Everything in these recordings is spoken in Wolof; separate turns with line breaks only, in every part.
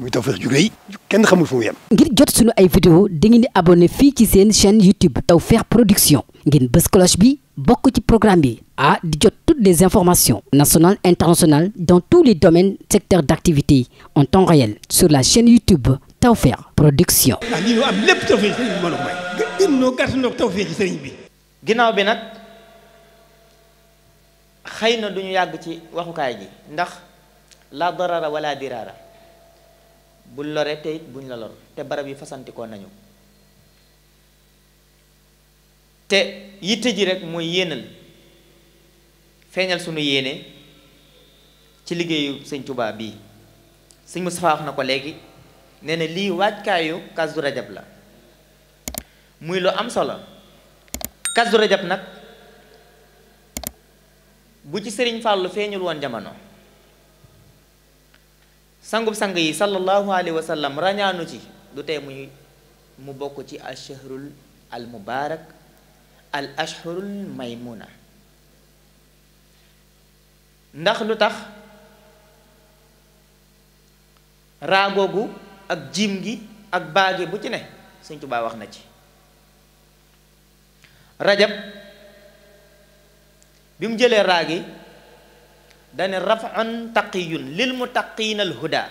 muy Tawfekh ju rëy kenn ngir jot sunu ay vidéo dangeen di abonné fii ci seen chaîne YouTube Tawfekh Production ngeen bës cloche bi bokk ci programme bi ah di jot toutes des informations nationales internationales dans tous les domaines secteurs d'activité en temps réel sur la chaîne YouTube Tawfekh Production. ah lii am lépp Tawfekh ginnaaw bi nag xëy na du ñu yàgg ci waxukaay ndax la darara wala buñ lore te it buñ la lor te barab yi fasantikoo nañu te yitte ji rek mooy yéenal feeñal sunu yéene ci liggéeyu sëñ Tuubaa bii sëñ Moustapha wax na ko léegi nee na lii waajkaayu Kazu Rajab la muy lu am solo Kazu Rajab nag bu ci sëriñ lu feeñul woon jamono sangub sang yi sallallahu alayhi wa sallam rañaanu ci lu tee muy mu bokk ci al shahrul al mubaarak al ashhurul maymuna ndax lu tax raa googu ak jiim gi ak baage bu ci ne Sëñ Tuubaa wax na ci rajab bi mu jëlee raa gi dane raf'un taqiyun lil muttaqiina al huda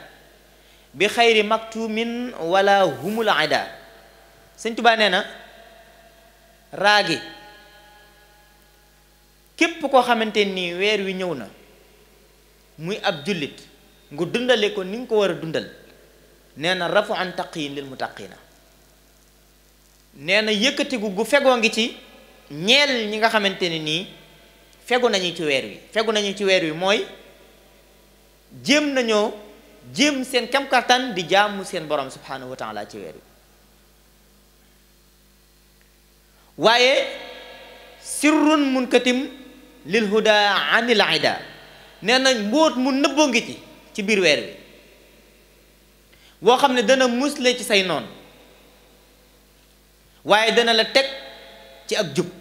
bi xayri maktumin wala humul ada sëñ tubaa nee na raagi képp koo xamante ni weer wi ñëw na muy ab jullit nga dundale ko ni nga ko war a dundal nee na raf'un taqiyin lil muttaqiina nee na yëkkatigu gu fegoo ngi ci ñeel ñi nga xamante ne nii fegu nañu ci weer wi fegu nañu ci weer wi mooy jéem nañoo jéem seen kam kattan di jaamu seen borom subhanahu wa taala ci weer wi waaye sirrun munkatim lil huda anil ida nee nañ mbóot mu nëbboo ngi ci ci biir weer wi woo xam ne dana musle ci say noon waaye dana la teg ci ak jub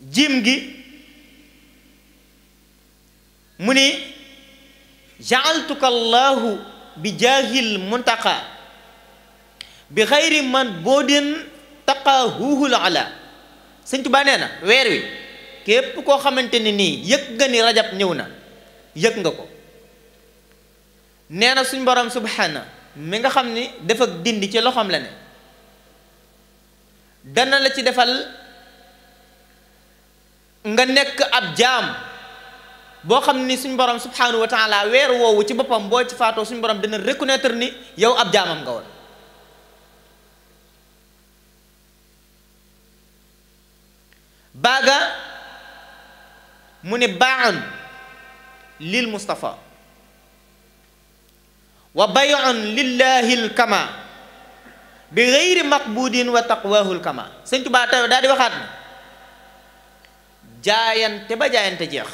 jiim gi mu ni jaaltuka allahu bi jaahil muntaqa bi xayri man boo din taqaa huuhul ala sëñ Tuubaa nee na weer wi képp koo xamante ne nii yëg nga ni rajab ñëw na yëg nga ko nee na suñ borom subhaana mi nga xam ni dafa dindi ci loxoom la ne dana la ci defal nga nekk ab jaam boo xam ni suñ borom subhanahu wa taala weer woowu ci boppam boo ci faatoo suñ borom dina reconnaître ni yow ab jaamam nga woon baaga mu ne baan lil mustafa wa bayon lillahi lkama bi geyri maqbudin wa taqwahu lkama sëñ Tuubaa daal di waxaat na jaayante ba jaayante jeex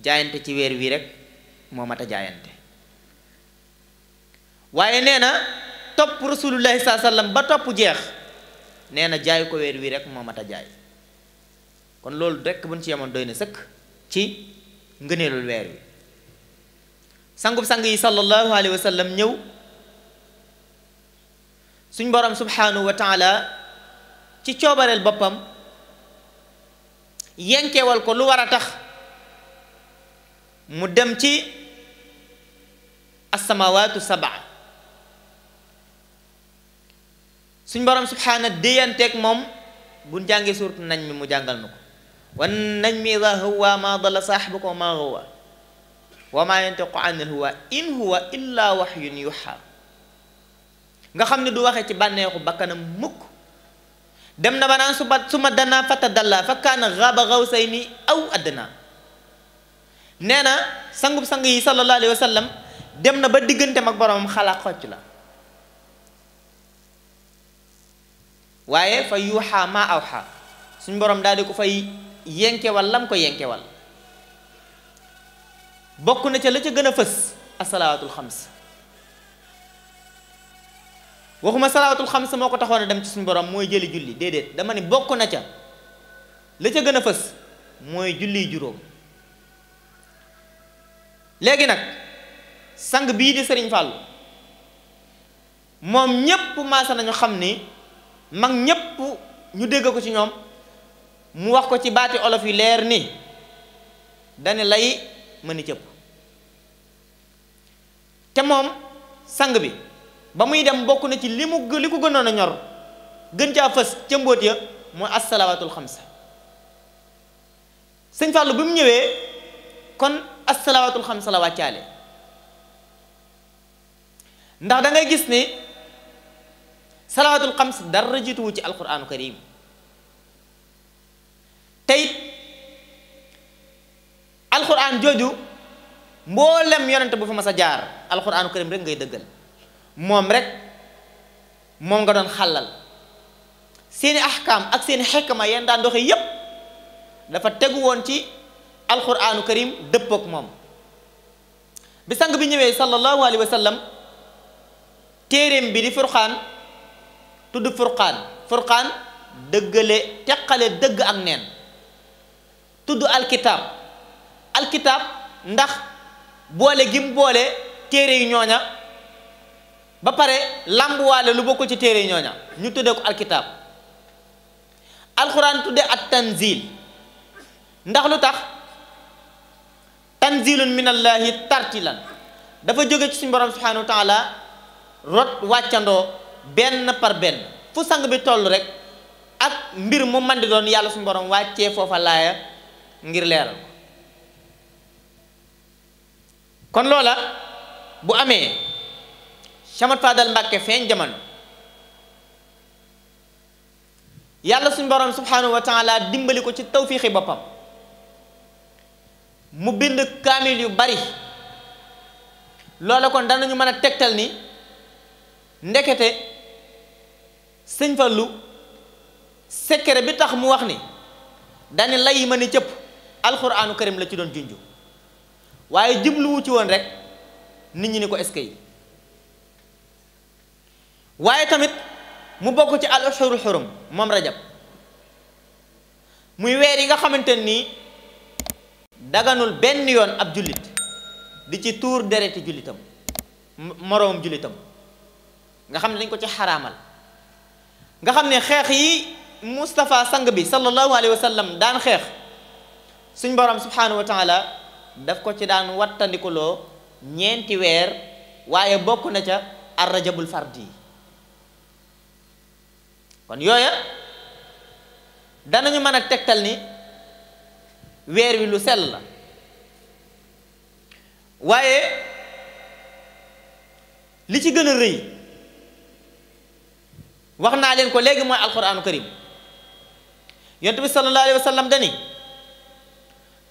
jaayante ci weer wii rek moo mat a jaayante waaye nee na topp rasulullahi saa ba topp jeex nee na jaay ko weer wii rek moo mat a jaay kon loolu rek buñ ci yemoon doy na sëkk ci ngëneelul weer wi sangub sang yi sallallahu alayhi wa sallam ñëw suñ borom subhanahu wa taala ci coobareel boppam yenkewal ko lu war a tax mu dem ci asamawaatu sabaa suñ borom subhaana déyanteeg moom bu jàngee suurtu nañ mi mu jàngal na ko wan nañ mi ida huwa ma dalla saaxibuka wa ma huwa wa ma yantiqu an al huwa in huwa illa waxyun yuxa nga xam ne du waxe ci bànneexu bakkanam mukk dem na ba naan su ma su ma danaa fata dalla fa kaana xaaba xawsayni aw àddina nee na sangub sangu yi sallallahu alayhi wa dem na ba digganteem ak boroomam xalaa xocc la waaye fa yuuxaa maa awxaa suñ boroom daal di ko fay yenkewal lam ko yenkewal bokk na ca la ca gën a fës asalawaatul xams waxuma salaatul xam moo ko taxoon a dem ci suñu borom mooy jëli julli déedéet dama ni bokk na ca la ca gën a fës mooy julli juróom léegi nag sang bii di sëriñ Fàllu moom ñépp maasa nañu xam ni mag ñépp ñu dégg ko ci ñoom mu wax ko ci baati olof yi leer ni dani lay mën a cëpp te moom sang bi ba muy dem bokk na ci li mu li ko gënoon a ñor gën caa fës ca mbóot ya mooy assalawaatul xamsa sëñ Fallou bi mu ñëwee kon assalawaatul xamsa la wàccaale ndax dangay gis ni salawaatul xams dara jiituwu ci alquraanu karim teyit alquraan jooju mboolem yonent bu fa mas a jaar alquraanu karim rek ngay dëggal moom rekk moom nga doon xàllal seeni axkaam ak seeni ma yeen daan doxe yépp dafa tegu woon ci alquraanu karim dëppook moom bi sang bi ñëwee sallallahu alayhi wa sallam téeréem bi di furqaan tudd furqaan furqaan dëggale teqale dëgg ak neen tudd alkitaab alkitaab ndax boole gim boole téere yi ñooña ba pare làmbuwaale lu bokkul ci téere ñooña ñu tuddee ko alkitaab alxuraan tuddee ak tanzil ndax lu tax tanzilun minallaahi tartilan dafa jóge ci suñu borom subhaanahu wa rot wàccandoo benn par benn fu sang bi toll rekk ak mbir mu man doon yàlla suñu borom wàccee foofa laaya ngir leeral kon loola bu amee Chamat Fadal Mbàkke feeñ jamono yàlla suñ borom subhanahu wa dimbali ko ci tawfiixi boppam mu bind kaamil yu bari loola kon danañu mën a tegtal ni ndekete sëñ Fallu secret bi tax mu wax ni dani lay ma ni cëpp alxuraanu karim la ci doon junju waaye jubluwu ci woon rek nit ñi ni ko est waaye tamit mu bokk ci al ashurul xurum moom rajab muy weer yi nga xamante nii daganul benn yoon ab jullit di ci tuur dereti jullitam moroomam jullitam nga xam ne dañ ko ci xaraamal nga xam ne xeex yi mustafa sang bi sallallahu alayhi wa daan xeex suñ borom subhanahu taala daf ko ci daan wattandikuloo ñeenti weer waaye bokk na ca ar rajabul fardi kon yooya danañu mën a tegtal ni weer wi lu sell la waaye li ci gën a rëy wax naa leen ko léegi mooy alquranu karim yonent bi sallallahu alayhi wa sallam dani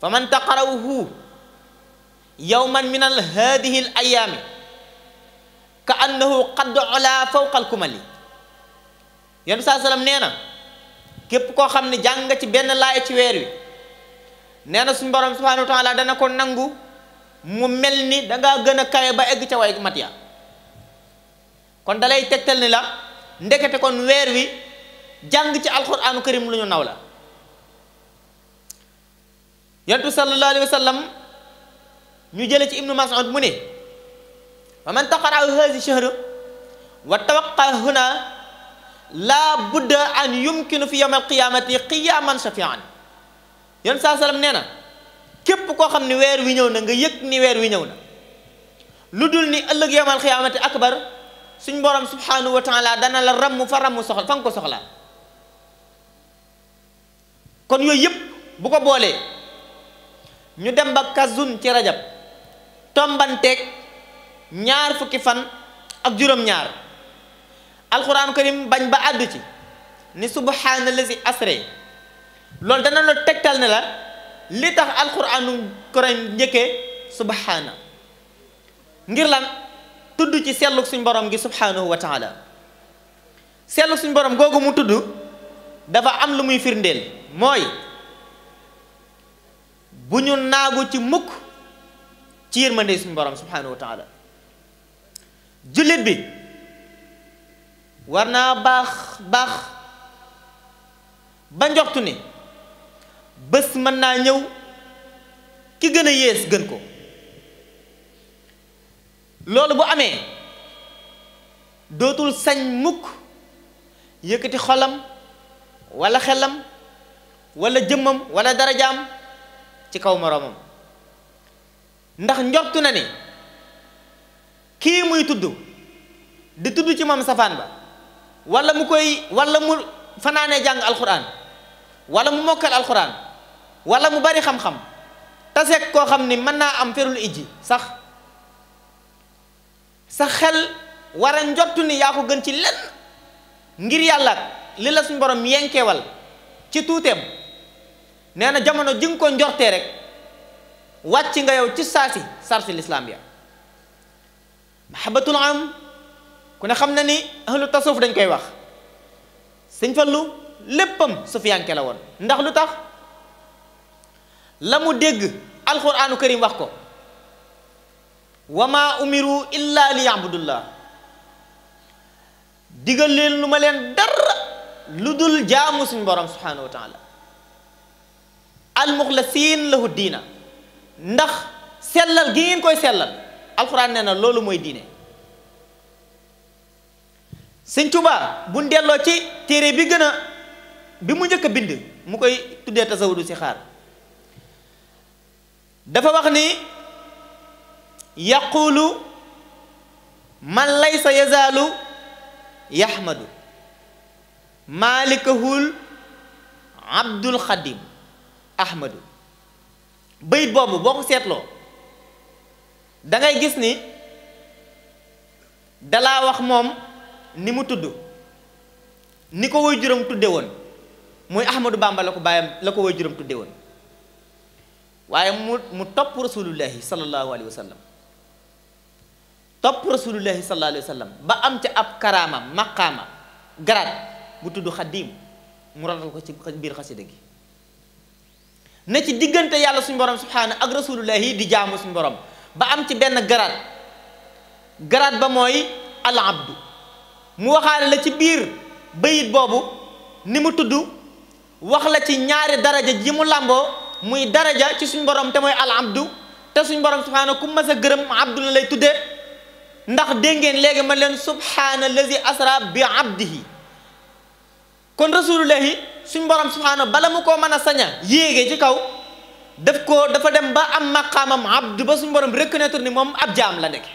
fa man taqarawhu yawman min al hadihi al ka annahu qad ola fawqa alkumali yonent saa salaam nee na képp koo xam ne jàng nga ci benn laaya ci weer wi nee na suñu borom subhanahu wa taala dana ko nangu mu mel ni danga gën a ba egg ca way mat ya kon dalay tegtal ni la ndekete kon weer wi jàng ci alquranu karim lu ñu naw la yontu sallallahu alayhi wa ñu jële ci ibnu mas'ud mu ne wa man taqara hazi shahr wa tawaqqa huna laa budda an yumkinu fi yawm alqiyaamati qiyaaman shafian yon saa sallam nee na képp koo xam ni weer wi ñëw na nga yëg ni weer wi ñëw na lu dul ni ëllëg yawm alqiyaamati akbar suñ borom subhanahu wa taala dana la ramm fa ramm soxla fa nga ko soxla kon yooyu yëpp bu ko boolee ñu dem ba kazun ci rajab tombanteeg ñaar fukki fan ak juróom-ñaar alxuraanu karim bañ ba àddu ci ni si asre loolu dana la tegtal ne la li tax alxuraanu karim njëkkee subhaana ngir lan tudd ci selluk suñ borom gi subhaanahu wa taala selluk suñ borom googu mu tudd dafa am lu muy firndeel mooy bu ñu naagu ci mukk ci yërmande suñ borom subhaanahu wa taala jullit bi war naa baax baax ba njoxtu ni bés mën naa ñëw ki gën a yées gën ko loolu bu amee dootul sañ mukk yëkkati xolam walla xelam walla jëmmam walla darajaam ci kaw moroomam ndax njortu na ni kii muy tudd di tudd ci moom safaan ba wala mu koy wala mu fanaane jàng alxuraan walla mu mokkal alxuraan wala mu bari xam-xam taseeg koo xam ni mën naa am ferul ijji sax sax xel wara a njott ni yaa ko gën ci lenn ngir yàlla li la suñ borom yenkeewal ci tuuteem nee na jamono ji nga ko njortee rek wàcc nga yow ci saasi sarsi lislaam ya mahabatul am ku ne xam na ni ahlu tasawuf dañ koy wax sëñ lu léppam sufiyanke la woon ndax lu tax la mu dégg alquranu karim wax ko wa ma umiru illa li yabudullah digal leen lu ma leen dara lu dul jaamu suñ borom subhanahu wa taala almuxlasin lahu diina ndax sellal gi koy sellal alquran nee na loolu mooy diine sëñ Tuubaa bu delloo ci téere bi gën a bi mu njëkk a bind mu koy tuddee tasawudu ci xaar dafa wax ni yaqulu man laysa yazaalu yaxmadu maalikahul abdul xadim ahmadu bayit boobu boo ko seetloo dangay gis ni dalaa wax moom ni mu tudd ni ko woy juróom tudde woon muy Ahmadou bàmba la ko bàyyam la ko woy juróom tudde woon waaye mu mu topp rasulullahi sallallahu alayhi topp rasulullahi sallallahu alayhi ba am ca ab karaama maqaama garaat bu tudd xaddiim mu rotal ko ci biir xasida gi ne ci diggante yàlla suñu borom subhaana ak rasulullahi di jaamu suñu borom ba am ci benn garaat garaat ba mooy al abdu mu waxaale la ci biir bayit boobu ni mu tudd wax la ci ñaari daraja ji mu làmboo muy daraja ci suñ borom te mooy al abdu te suñ borom subhaana ku mas a gërëm abdu la lay tuddee ndax dégg ngeen léegi ma leen subhaana lazi asra bi abdihi kon rasulullahi suñ borom subhaana bala mu ko mën a saña yéegee ci kaw daf ko dafa dem ba am maqaamam abdu ba suñ borom reconnaître ni moom ab jaam la nekk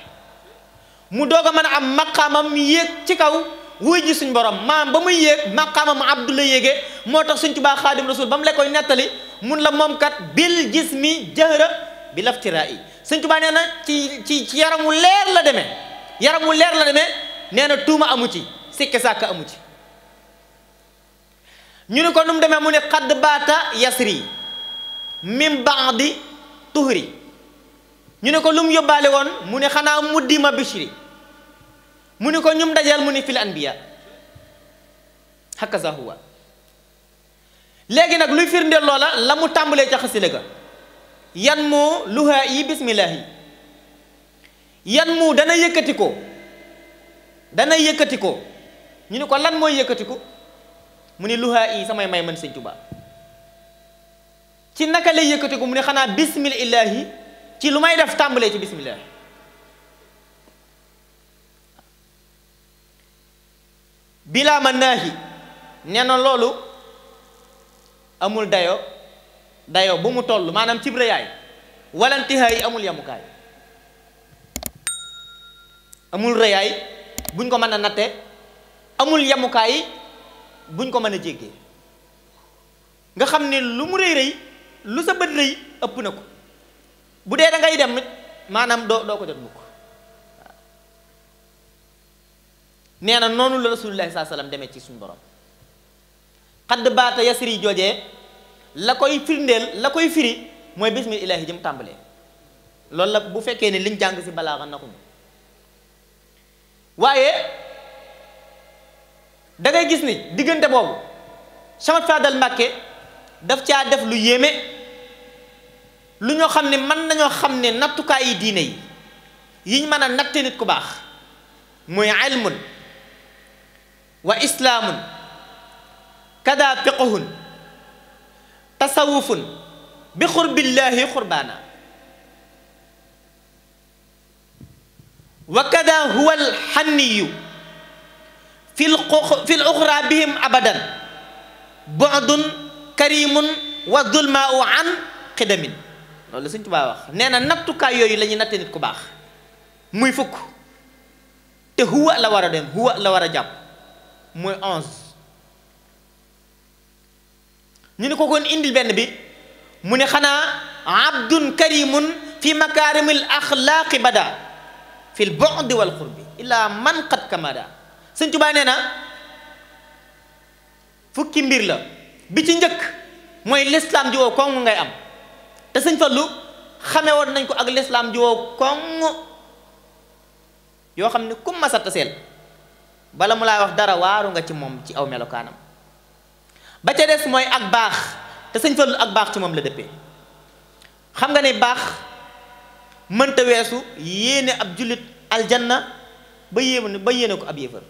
mu doog a mën a am maqaamam yéeg ci kaw wuy ji suñ borom maam ba muy yéeg maqaamam abdu la yéegee moo tax suñ tubaa xaadim rasul ba mu la koy nettali mun la moom kat bil jismi jahra bi laftiraa yi suñ tubaa nee na ci ci ci yaramu leer la deme yaram wu leer la demee nee na tuuma amu ci sikki sàkk amu ci ñu ne ko nu mu demee mu ne xadd baata yasri min baadi tuhri ñu ne ko lum mu yóbbaale woon mu ne xanaa muddima bishri mu ni ko ñum dajal mu ni fil anbiya hakaza huwa léegi nag luy firndeel loola la mu tàmbalee ca xasida ga yan mu luhaa yi bismillaahi yan mu dana yëkkati dana yëkkatikoo ñu ni ko lan mooy yëkkatiku mu ni luhaa yi samay may man sëñ Tuubaa ci naka lay yëkkatiku mu ni xanaa bismillaahi ci lu may def tàmbalee ci bismillaahi bilaa ma naahi nee na loolu amul dayo dayo bu mu toll maanaam cib rëyaay wala ntihaay amul yamukaay amul rëyaay buñ ko mën a natte amul yamukaay buñ ko mën a jéggee nga xam ni lu mu rëy rëy lu sa bët rëy ëpp na ko bu dee da ngay dem maanaam doo doo ko jot mukk nee na noonu la rasulullahi saa sallam demee ci suñu borom xadd baata yasri joojee la koy firndeel la koy firi mooy bismillaahi jëm tàmbalee loolu la bu fekkee ne liñ jàng si balaa na ko waaye dangay gis ni diggante boobu Cheikh Fadal Mbàkke daf caa def lu yéeme lu ñoo xam ne mën nañoo xam ne nattukaay yi diine yi yiñ mën a natte nit ku baax muy ilmun wa islaamun kada fiqhun tasawufun bi xurbillaahi xurbaana wa kada huwa alxanniyu fi luxra bihim abadan bu'dun karimun wa dulmaau an xidamin loolu la Sëñ Tuubaa wax nee na nattukaay yooyu la ñuy natte nit ku baax muy fukk te huwa la war a dem huwa la war a jàpp mooy onze ñu ne ko kon indil benn bi mu ne xanaa abdun karimun fi makaarimil axlaaqi bada fi l bu'di wal qurbi man qad kamada sëñ Tuubaa nee na fukki mbir la bi ci njëkk mooy lislaam ji woo kong ngay am te sëñ Fallu xame woon nañ ko ak lislaam ji woo kong yoo xam ne kum masata seel bala mu laa wax dara waaru nga ci moom ci aw melokaanam ba ca des mooy ak baax te sëñ Fallu ak baax ci moom la dëppee xam nga ne baax mënta weesu yéene ab jullit aljanna ba yéene ba yéene ko ab yéefar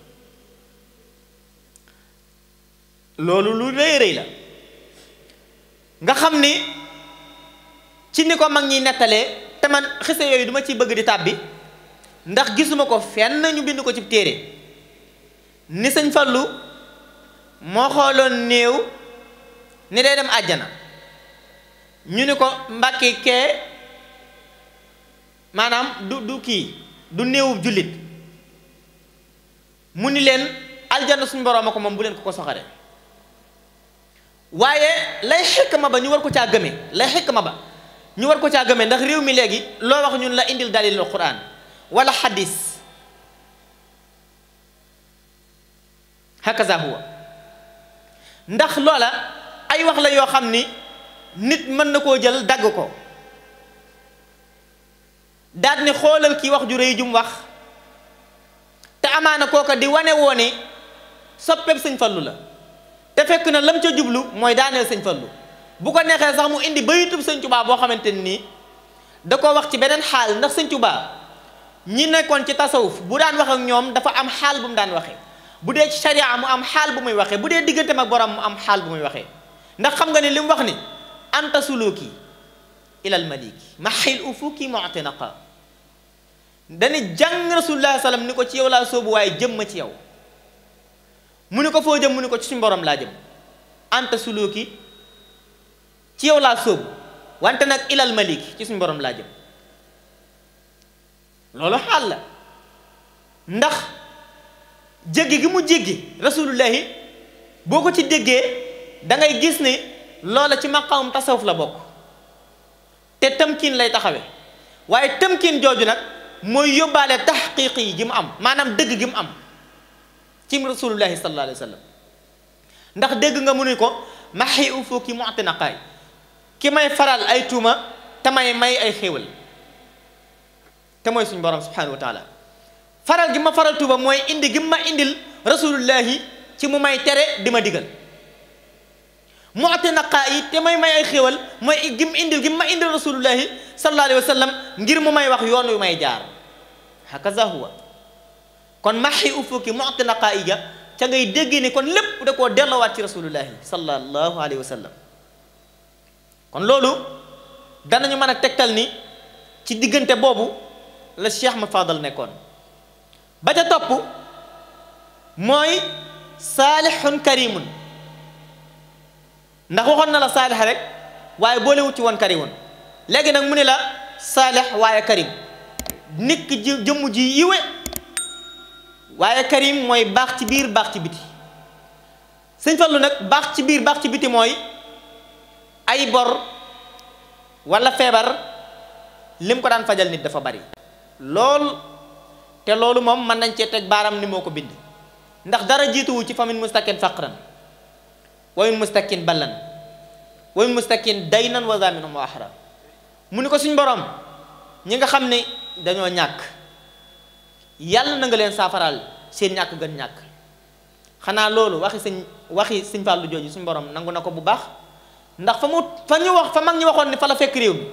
loolu lu rëy rëy la nga xam ni ci ni ko mag ñiy nettalee te man xise yooyu duma ciy bëgg di tàbbi ndax gisuma ko fenn ñu bind ko ci téere ni sañ Fallu moo xooloon néew ni day dem àjjana ñu ni ko mbàkki kee maanaam du du kii du néewub jullit mu ni leen aljana suñu borooma ko moom bu leen ko ko soxare waaye lay xekk ma ba ñu war ko caa gëme lay xekk ma ba ñu war ko caa gëme ndax réew mi léegi loo wax ñun la indil dalilul quran wala xadis hakaza huwa ndax loola ay wax la yoo xam ni nit mën na koo jël dagg ko daal ni xoolal kii wax ju rëy jum wax te amaana kooka di wane woone soppeeb sëñ fallu la te fekk na lam ca jublu mooy daaneel sëñ fallu bu ko neexee sax mu indi bayitub sëñ Tuubaa boo xamante nii da ko wax ci beneen xaal ndax sëñ Tuubaa ñi nekkoon ci tasawuf bu daan wax ak ñoom dafa am xaal bu mu daan waxee bu dee ci sharia mu am xaal bu muy waxee bu dee digganteem ak borom mu am xaal bu muy waxee ndax xam nga ne li mu wax ni anta suluki ilal maliki maxil ufuki mutinaqa dani jàng rasulullah sallam ni ko ci yow laa soobu waaye jëm ma ci yow mu ni ko foo jëm mu ni ko ci suñ borom laa jëm anta suluki ci yow laa soobu wante nag ilal maliki ci suñ borom laa jëm loolu xaal la ndax jéggi gi mu jéggi rasulullahi boo ko ci déggee dangay gis ni loola ci maqaamum tasawuf la bokk te tamkiin lay taxawe waaye tamkiin jooju nag mooy yóbbaale taxqiiq yi gi mu am maanaam dëgg gi mu am ci rasulullahi sallallahu alayhi wa ndax dégg nga mu ni ko maxi ufuki mu'tinaqaay ki ki may faral ay tuuma te may may ay xéewal te mooy suñu borom subhanahu wa faral gi ma faral tuuba mooy indi gi ma indil rasulullahi ci mu may tere di ma digal mu may may ay xéwal mooy gim indil gi ma indil rasulullahi sallallahu ngir mu may wax yoon yu may jaar hakaza huwa kon maxi ufuki mu ate naqaa yi ja ca ngay dégg kon lépp da koo dellowaat ci rasulullahi sallallahu alayhi wa sallam kon loolu danañu man a tegtal ni ci diggante boobu la Cheikh ma Fadal nekkoon ba ca topp mooy saalixun karimun ndax waxoon na la saalix rek waaye boolewu ci woon karimun léegi nag mu ne la saalix waaye karim nit ki jëmm ji yiwe waaye karim mooy baax ci biir baax ci biti sëñ Fallu nag baax ci biir baax ci biti mooy ay bor walla feebar lim ko daan fajal nit dafa bari lool te loolu moom mën nañ cee teg baaram ni moo ko bind ndax dara jiituwu ci famin mustakin faqran wa min mustakin ballan wa min mustakin daynan wa zaminum wa ahra mu ni ko suñ borom ñi nga xam ne dañoo ñàkk yàlla na leen saafaraal seen ñàkk gën ñàkk xanaa loolu waxi sëñ waxi sëñ fàllu jooju suñ borom nangu na ko bu baax ndax fa mu fa ñu wax fa mag ñu waxoon ni fa la fekk réew mi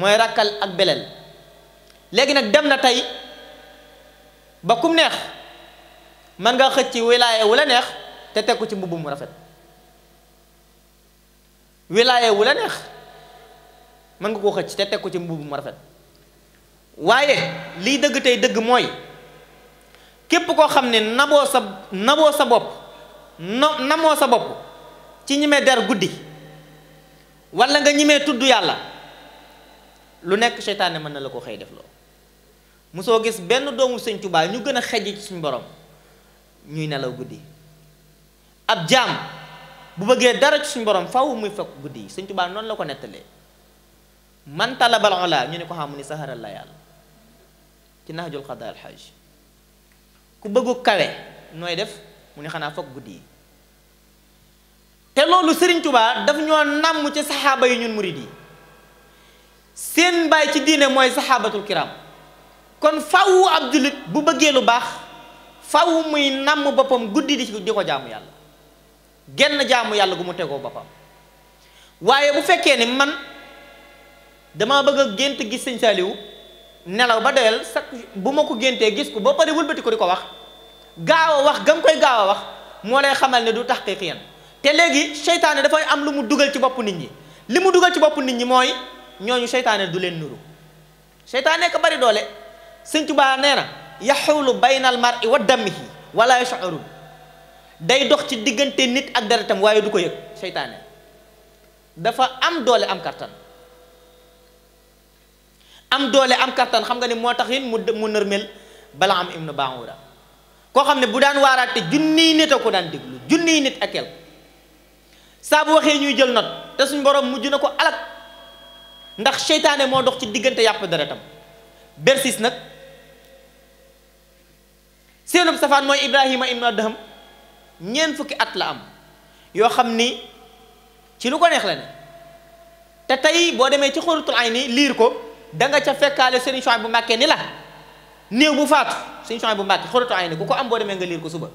mooy rakkal ak beleel léegi nag dem na tey ba kum neex mën nga xëcc wilaaye wu la neex te teg ci mbubb mu rafet wilaaye wu la neex mën nga koo xëcc te teg ko ci mbubb mu rafet waaye liy dëgg tey dëgg mooy képp koo xam ne naboo sa naboo sa bopp no namoo sa bopp ci ñime der guddi walla nga ñimee tudd yàlla lu nekk seytaane mën na la ko xëy def loo mosoo gis benn doomu sëñ ñu gën a xejj ci suñu borom ñuy nelaw guddi ab jaam bu bëggee dara ci suñu borom faw muy fekk guddi yi sëñ noonu la ko nettalee man talabal ola ñu ne ko xam mu ni saharal la yàlla ci nahjul xada hajj ku bëggu kawe nooy def mu ne xanaa fekk guddi yi te loolu sëriñ Tuubaa daf ñoo nàmm ci saxaaba yi ñun murid yi seen bàyyi ci diine mooy saxaabatul kiram kon fawu ab jullit bu bëggee lu baax fawu muy nàmm boppam guddi di di ko jaamu yàlla genn jaamu yàlla gu mu tegoo boppam waaye bu fekkee ni man dama bëgg a gént gis sëñ Saaliwu nelaw ba doyal sa bu ma ko géntee gis ko ba pare wëlbati ko di ko wax gaaw a wax gam koy gaaw a wax moo lay xamal ne du taxqiqiyan te léegi seytaane dafay am lu mu dugal ci bopp nit ñi li mu dugal ci bopp nit ñi mooy ñooñu seytaane du leen nuru seytaane ka bari doole sëñ Tuubaa nee na yaxulu baynal mar'i wa dammihi wala yash'urun day dox ci diggante nit ak deretam waaye du ko yëg seytaane dafa am doole am kattan am doole am kattan xam nga ni moo tax in mu mu nërmel bala am ibnu baawuda koo xam ne bu daan waaraate junniy nit a ko daan déglu junniy nit ak kel saa bu waxee ñuy jël not te suñ borom mujj na ko alak ndax seytaane moo dox ci diggante yàpp deretam bersis nag seenub safaan mooy Ibrahima ibnu Adham ñeent fukki at la am yoo xam ni ci lu ko neex la ne te tey boo demee ci xóorutul ay ni liir ko da nga ca fekkaale sëriñ Chouaib bu Mbàkke ni la néew bu faatu sëriñ Chouaib bu Mbàkke xóorutul ay ni ku ko am boo demee nga liir ko suba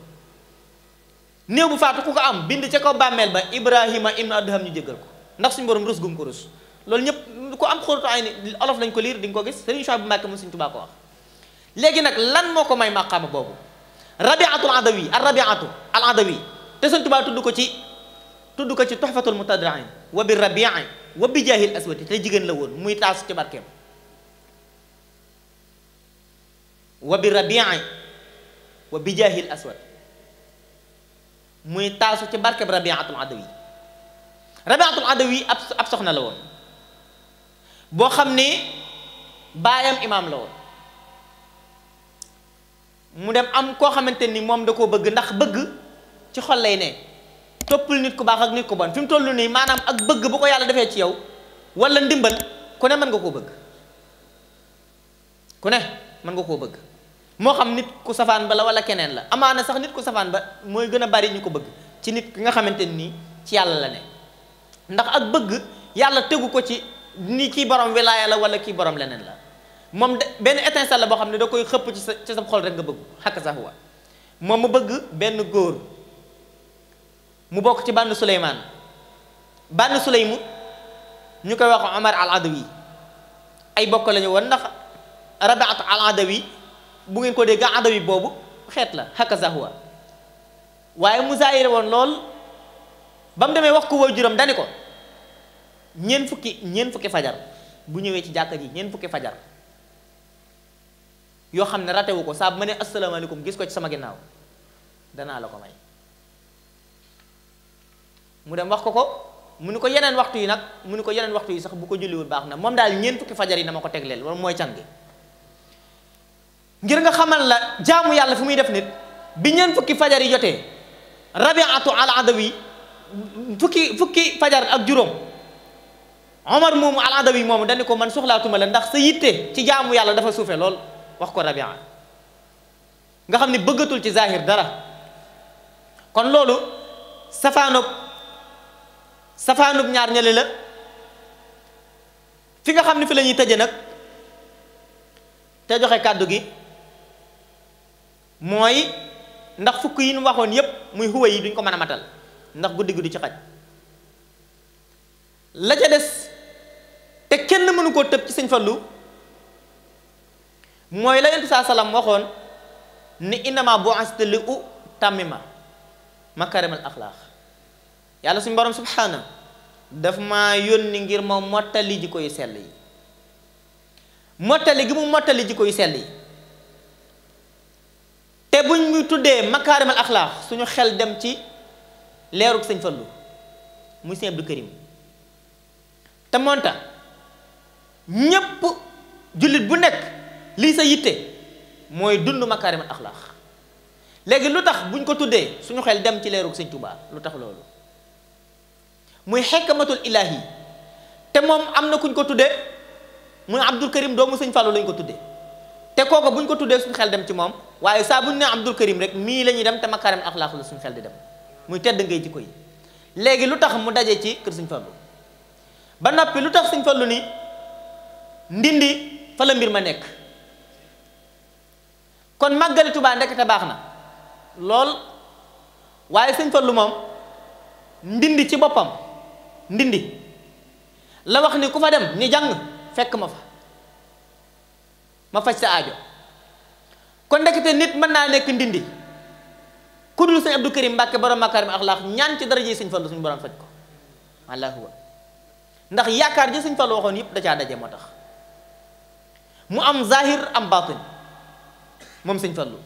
néew bu faatu ku am bind ca kaw bàmmeel ba Ibrahima ibnu Adham ñu jéggal ko ndax suñu borom rus gum ko rus loolu ñëpp ku am xóorutul ay ni olof lañ ko liir di ko gis sëriñ Chouaib bu Mbàkke moom suñ tubaa ko wax léegi nag lan moo ko may maqaama boobu rabiatul adawi ar rabiatu al adawi te sëñ Tuubaa tudd ko ci tudd ko ci tuhfatul mutadrain wa bi rabiin wa bi jaahil aswati te jigéen la woon muy taasu ci barkeem wa bi rabiin wa bi jaahil aswad muy taasu ci barkeem rabiatul adawi rabiatul adawi ab ab soxna la woon boo xam ne baayam imaam la woon mu dem am koo xamante nii moom da koo bëgg ndax bëgg ci xol lay ne toppul nit ku baax ak nit ku bon fi mu toll nii maanaam ak bëgg bu ko yàlla defee ci yow wala ndimbal ku ne mën nga koo bëgg ku ne mën nga koo bëgg moo xam nit ku safaan ba la wala keneen la amaana sax nit ku safaan ba mooy gën a bari ñu ko bëgg ci nit ki nga xamante nii ci yàlla la ne ndax ak bëgg yàlla tegu ko ci ni kii borom wilaaya la wala kii borom leneen la moom de benn étincelle la boo xam ne da koy xëpp ci sa ci sa xol rek nga bëgg xakk sa huwa moom mu bëgg benn góor mu bokk ci bànn Suleymaan bànn Suleymu ñu koy wax Omar al Adawi ay bokk lañu ñu woon ndax Rabaat al Adawi bu ngeen ko dégg Adawi boobu xeet la xakk sa waaye mu zaayire woon lool ba mu demee wax ko waajuram dani ko ñeent fukki ñeent fukki fajar bu ñëwee ci jàkka yi ñeent fukki fajar yoo xam ne ratewu ko saa bu ma ne asalaamaaleykum gis ko ci sama ginnaaw danaa la ko may mu dem wax ko ko mu ni ko yeneen waxtu yi nag mu ni ko yeneen waxtu yi sax bu ko julliwul baax na moom daal ñeent fukki fajar ko tegleel loolu mooy can gi ngir nga xamal la yàlla fu muy def nit bi ñeent fukki fajar yi jotee rabiatu al fukki fukki fajar ak juróom omar moomu al adawi moomu dañu ko man soxlaatuma la ndax sa yitte ci jaamu yàlla dafa suufe lool wax ko rabia nga xam ni bëggatul ci zahir dara kon loolu safaanub safaanub ñaar ñale la fi nga xam ni fi lañuy ñuy tëje nag te joxe kàddu gi mooy ndax fukk yi ñu waxoon yépp muy xuwa yi duñ ko mën a matal ndax guddi guddi ci xaj la ca des te kenn mënu koo tëb ci sëñ Fallu mooy la yonent saa salaam waxoon ni innama bu'asta li u tàmmima makarimal axlaax yàlla suñu borom subhaana dafa ma yónni ngir ma mottali jikko yu sell yi mottali gi mu mottali jikko yu sell yi te buñ ñu tuddee makarimal axlaax suñu xel dem ci leerug sëñ Fallu muy sëñ Abdou Karim te moonta ñépp jullit bu nekk lii sa yitte mooy dund makaarimal axlaax léegi lu tax buñ ko tuddee suñu xel dem ci leeru sëñ Tuubaa lu tax loolu muy xekkamatul ilaahi te moom am na kuñ ko tuddee muy Abdul Karim doomu sëñ Fallou lañ ko tuddee te kooku buñ ko tuddee suñu xel dem ci moom waaye saa buñ ne Abdul Karim rek mii la ñuy dem te ma makaarimal axlaax la suñu xel di dem muy tedd ngay jikko yi léegi lu tax mu dajee ci kër sëñ Fallou ba noppi lu tax sëñ Fallou nii ndindi fa la mbir ma nekk kon màggali tubaa ndekete baax na lool waaye sëñ lu moom ndindi ci boppam ndindi la wax ni ku fa dem ni jàng fekk ma fa ma faj sa aajo kon ndekete nit mën naa nekk ndindi ku dul sëñ Abdou Karim Mbàkke borom makaarim laax ñaan ci daraje sëñ Fallu suñu borom faj ko allahu ndax yaakaar ji sëñ Fallu waxoon yëpp da daje moo tax mu am zahir am baatin moom sëñ Fallu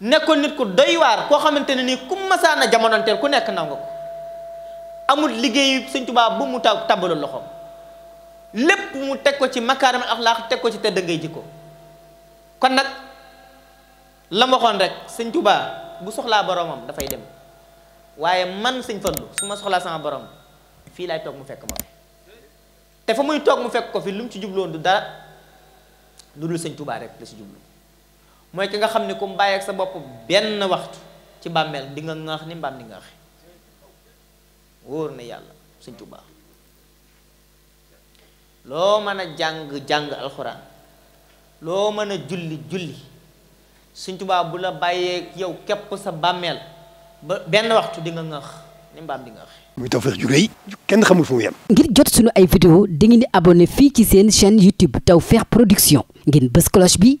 nekkoon nit ko doy waar koo xamante ne nii ku masaana jamonanteel ku nekk nga ko amul liggéeyu sëñ tubaa bu mu taw tabbalul loxoom lépp mu teg ko ci makaaram axlaaq teg ko ci tedd ngay jikko kon nag la rek sëñ Tuubaa bu soxlaa boromam dafay dem waaye man sëñ Fallu su ma soxlaa sama borom fii laay toog mu fekk ma fi te fa muy toog mu fekk ko fi lu mu ci jubloon du dara lu dul sëñ Tuubaa rek la si jublu mooy ki nga xam ne ku mu bàyyi sa bopp benn waxtu ci bàmmeel dinga nga ni mbaam di ŋaaxe wóor na yàlla sëñ loo mën a jàng jàng alxuraan loo mën a julli julli sëñ Tuubaa bu yow képp sa bàmmeel ba benn waxtu di nga ŋaax ni mbaam di ŋaaxe muy Tawfekh ju rëy kenn xamul fu mu yem ngir jot sunu ay vidéo dangeen di abonné fii ci seen chaîne YouTube feex Production ngeen bës cloche bi